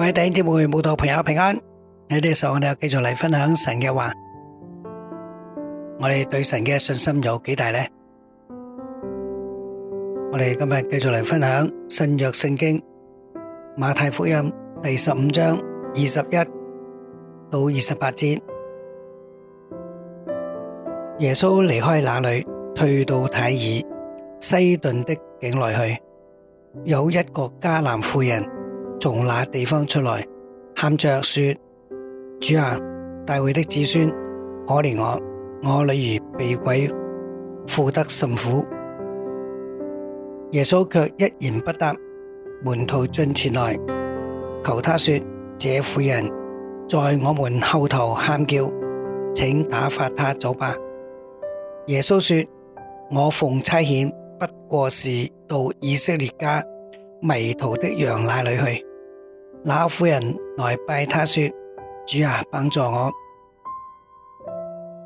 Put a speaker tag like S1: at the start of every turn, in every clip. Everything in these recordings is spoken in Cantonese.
S1: 各位弟兄姊妹、慕道朋友平安，喺呢個時候我哋繼續嚟分享神嘅話。我哋對神嘅信心有幾大呢？我哋今日繼續嚟分享新約聖經馬太福音第十五章二十一到二十八節。耶穌離開那裡，退到泰爾西頓的境內去。有一個迦南婦人。從那地方出來，喊着說：主啊，大衛的子孫可憐我，我女兒被鬼附得甚苦。耶穌卻一言不答。門徒進前來，求他說：這婦人，在我們後頭喊叫，請打發她走吧。耶穌說：我奉差遣，不過是到以色列家迷途的羊那裏去。那婦人來拜他，說：主啊，幫助我！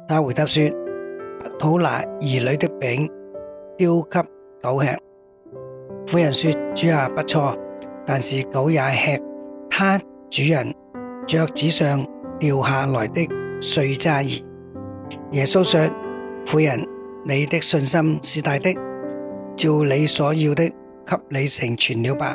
S1: 他回答說：不討拿兒女的餅丟給狗吃。婦人說：主啊，不錯，但是狗也吃他主人桌子上掉下來的碎渣兒。耶穌說：婦人，你的信心是大的，照你所要的，給你成全了吧。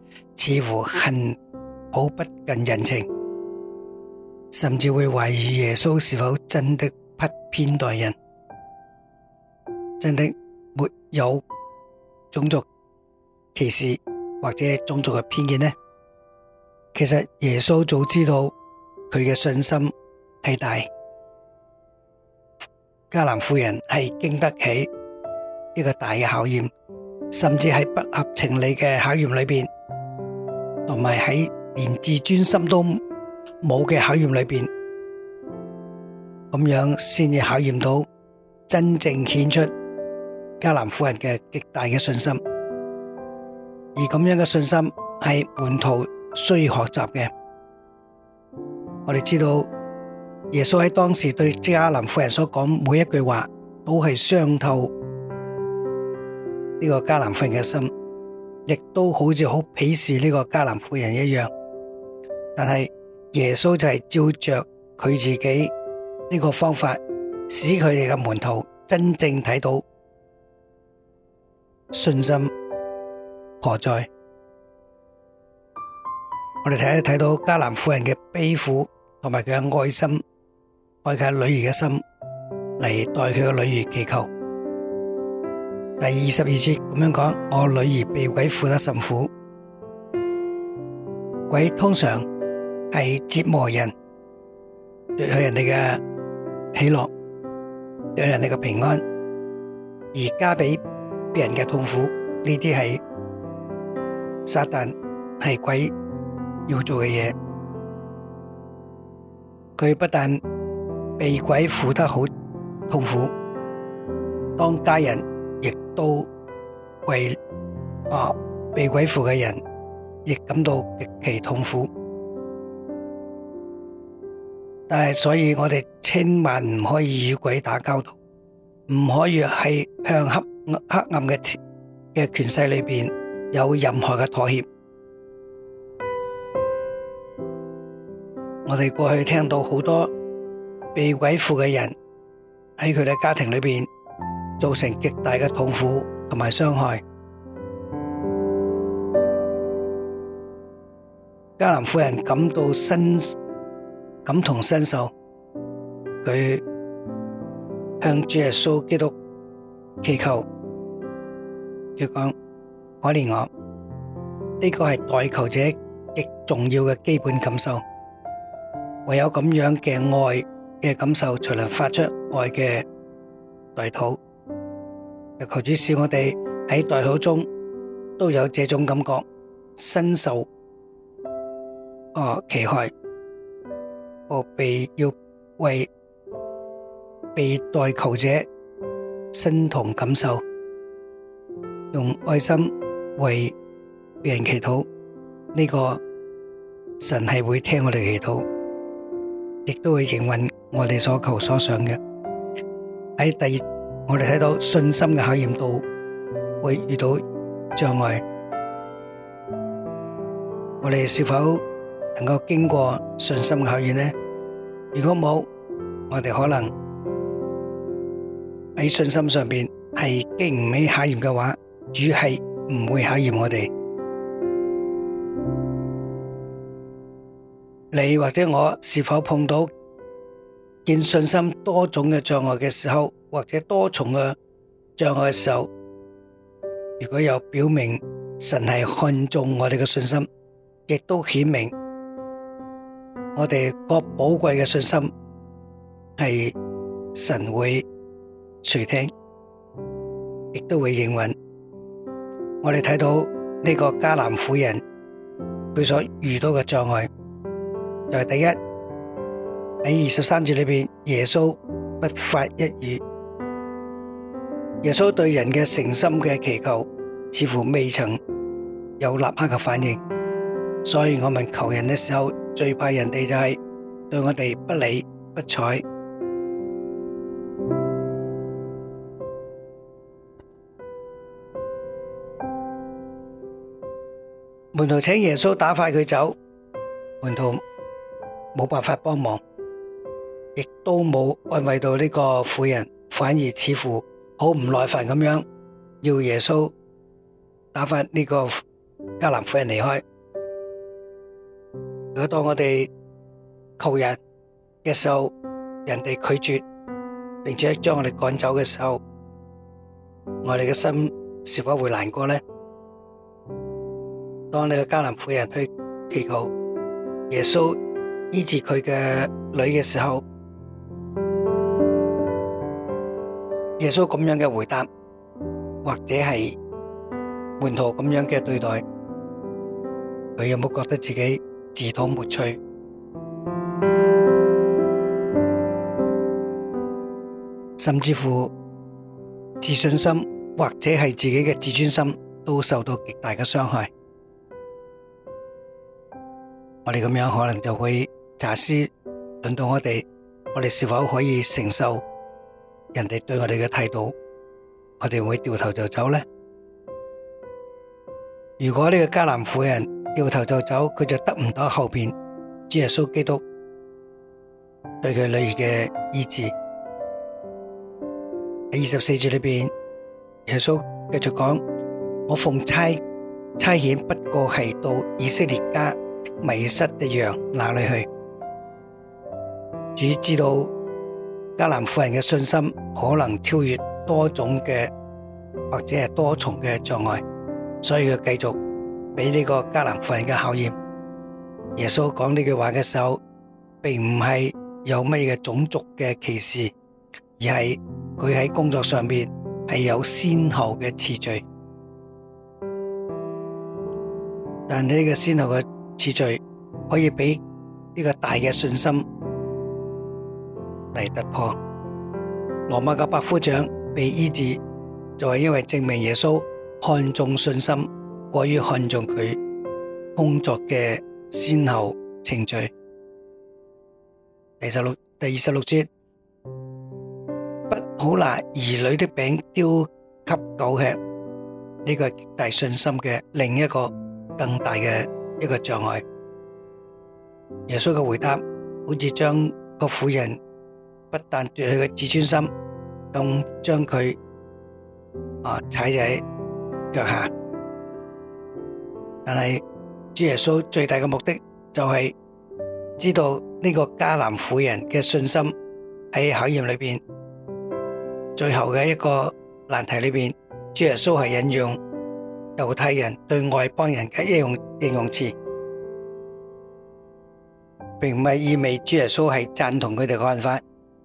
S1: 似乎恨好不近人情，甚至會懷疑耶穌是否真的不偏待人，真的沒有種族歧視或者種族嘅偏見呢？其實耶穌早知道佢嘅信心係大，迦南婦人係經得起一個大嘅考驗，甚至喺不合情理嘅考驗裏邊。同埋喺連自尊心都冇嘅考驗裏邊，咁樣先至考驗到真正顯出迦南婦人嘅極大嘅信心。而咁樣嘅信心係門徒需要學習嘅。我哋知道耶穌喺當時對迦南婦人所講每一句話，都係傷透呢個迦南婦人嘅心。亦都好似好鄙視呢個迦南婦人一樣，但係耶穌就係照着佢自己呢個方法，使佢哋嘅門徒真正睇到信心何在。我哋睇一睇到迦南婦人嘅悲苦，同埋佢嘅愛心，愛佢嘅女兒嘅心嚟代替佢嘅女兒祈求。第二十二節咁樣講，我女兒被鬼附得甚苦。鬼通常係折磨人，奪去人哋嘅喜樂，奪去人哋嘅平安，而加俾別人嘅痛苦。呢啲係撒旦係鬼要做嘅嘢。佢不但被鬼附得好痛苦，當家人。亦都為啊被鬼附嘅人亦感到極其痛苦，但係，所以我哋千萬唔可以與鬼打交道，唔可以喺向黑黑暗嘅嘅權勢裏邊有任何嘅妥協。我哋過去聽到好多被鬼附嘅人喺佢哋家庭裏邊。造成極大嘅痛苦同埋傷害，迦南婦人感到深感同身受，佢向主耶穌基督祈求，佢講，可憐我，呢個係代求者極重要嘅基本感受，唯有咁樣嘅愛嘅感受，才能發出愛嘅代禱。求主使我哋喺代求中都有這種感覺，身受哦其害，我被要為被代求者身同感受，用愛心為別人祈禱，呢個神係會聽我哋祈禱，亦都會應允我哋所求所想嘅。喺第二。我哋睇到信心嘅考驗到會遇到障礙，我哋是否能夠經過信心嘅考驗呢？如果冇，我哋可能喺信心上面係經唔起考驗嘅話，主係唔會考驗我哋。你或者我是否碰到見信心多種嘅障礙嘅時候？或者多重嘅障礙嘅時候，如果有表明神係看重我哋嘅信心，亦都顯明我哋個寶貴嘅信心係神會垂聽，亦都會應允。我哋睇到呢個迦南婦人佢所遇到嘅障礙，就係第一喺二十三節裏邊，耶穌不發一語。耶穌對人嘅誠心嘅祈求，似乎未曾有立刻嘅反應，所以我們求人嘅時候，最怕人哋就係對我哋不理不睬。門徒請耶穌打發佢走，門徒冇辦法幫忙，亦都冇安慰到呢個婦人，反而似乎。好唔耐煩咁樣要耶穌打發呢個迦南婦人離開。如果當我哋求人嘅時候，人哋拒絕，並且將我哋趕走嘅時候，我哋嘅心是否會難過呢？當你個迦南婦人去祈求耶穌醫治佢嘅女嘅時候。耶穌咁樣嘅回答，或者係門徒咁樣嘅對待，佢有冇覺得自己自討沒趣？甚至乎自信心，或者係自己嘅自尊心，都受到極大嘅傷害。我哋咁樣可能就會查思，論到我哋，我哋是否可以承受？人哋對我哋嘅態度，我哋會掉頭就走咧。如果呢個迦南婦人掉頭就走，佢就得唔到後邊主耶穌基督對佢女兒嘅醫治。喺二十四節裏邊，耶穌繼續講：我奉差差遣，不過係到以色列家迷失的羊哪裏去，主知道。迦南婦人嘅信心可能超越多種嘅，或者係多重嘅障礙，所以佢繼續俾呢個迦南婦人嘅考驗。耶穌講呢句話嘅時候，並唔係有乜嘢種族嘅歧視，而係佢喺工作上邊係有先後嘅次序。但呢個先後嘅次序可以俾呢個大嘅信心。第突破。羅馬嘅百夫長被醫治，就係、是、因為證明耶穌看重信心，過於看重佢工作嘅先後程序。第十六第二十六節，不好拿兒女的餅丟給狗吃，呢、這個係極大信心嘅另一個更大嘅一個障礙。耶穌嘅回答好似將個婦人。不但奪佢嘅自尊心，更將佢啊踩在腳下。但係主耶穌最大嘅目的就係知道呢個迦南婦人嘅信心喺考驗裏邊，最後嘅一個難題裏邊。主耶穌係引用猶太人對外邦人嘅應用形容詞，並唔係意味主耶穌係贊同佢哋嘅看法。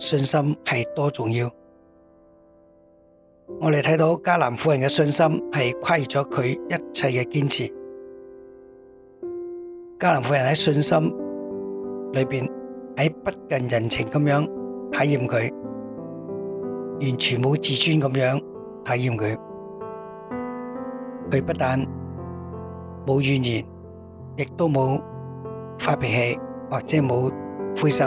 S1: 信心係多重要，我哋睇到迦南婦人嘅信心係跨越咗佢一切嘅堅持。迦南婦人喺信心裏邊，喺不近人情咁樣體驗佢，完全冇自尊咁樣體驗佢。佢不但冇怨言，亦都冇發脾氣，或者冇灰心。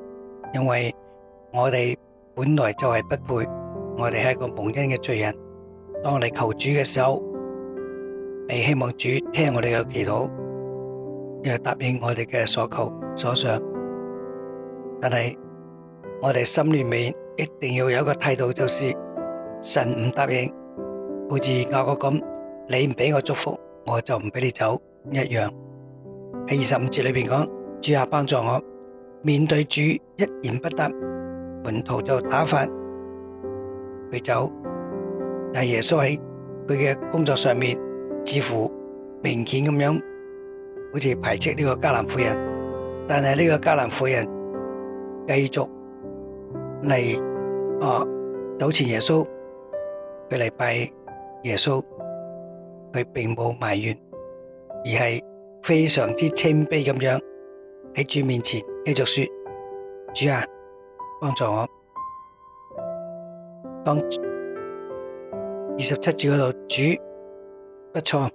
S1: 因為我哋本來就係不配，我哋係一個蒙恩嘅罪人。當我哋求主嘅時候，係希望主聽我哋嘅祈禱，要答應我哋嘅所求所想。但係我哋心裏面一定要有一個態度，就是神唔答應，好似雅各咁，你唔俾我祝福，我就唔俾你走一樣。喺二十五節裏面講，主啊，幫助我。面對主一言不答，門徒就打發佢走。但係耶穌喺佢嘅工作上面，似乎明顯咁樣好似排斥呢個迦南婦人。但係呢個迦南婦人繼續嚟啊，糾纏耶穌，佢嚟拜耶穌，佢並冇埋怨，而係非常之謙卑咁樣喺主面前。繼續說，主啊，幫助我。當二十七節嗰度，主不錯，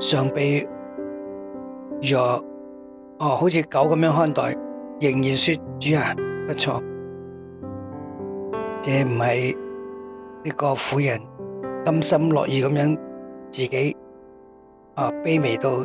S1: 上臂若、哦、好似狗咁樣看待，仍然說主啊，不錯，這唔係呢個婦人甘心樂意咁樣自己、哦、卑微到。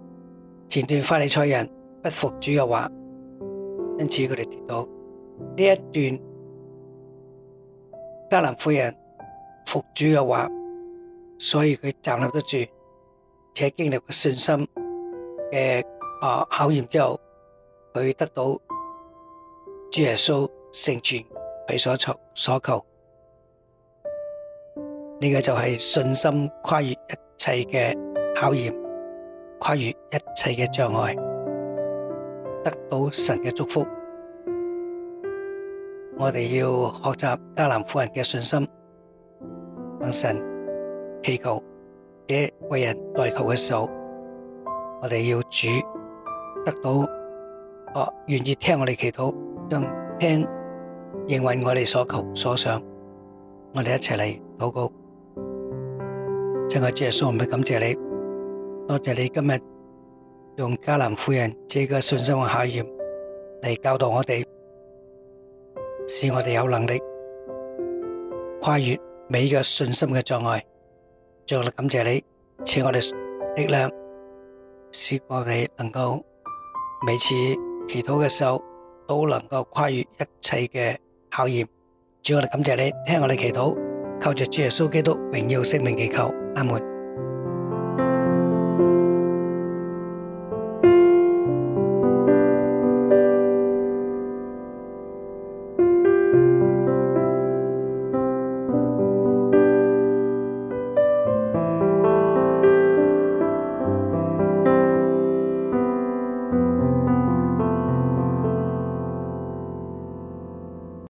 S1: 前段法利賽人不服主嘅話，因此佢哋跌倒；呢一段迦南婦人服主嘅話，所以佢站立得住，且經歷過信心嘅啊考驗之後，佢得到主耶穌成全佢所求所求。呢個就係信心跨越一切嘅考驗。跨越一切嘅障礙，得到神嘅祝福。我哋要學習迦南夫人嘅信心，向神祈求，也為人代求嘅時候，我哋要主得到哦願意聽我哋祈禱，讓聽應允我哋所求所想。我哋一齊嚟禱告，親愛的耶穌，我哋感謝你。多謝你今日用迦南婦人這個信心嘅考驗嚟教導我哋，使我哋有能力跨越美嘅信心嘅障礙。主，我哋感謝你賜我哋力量，使我哋能夠每次祈禱嘅時候都能夠跨越一切嘅考驗。主，我哋感謝你聽我哋祈禱，靠着主耶穌基督榮耀聖名祈求，阿門。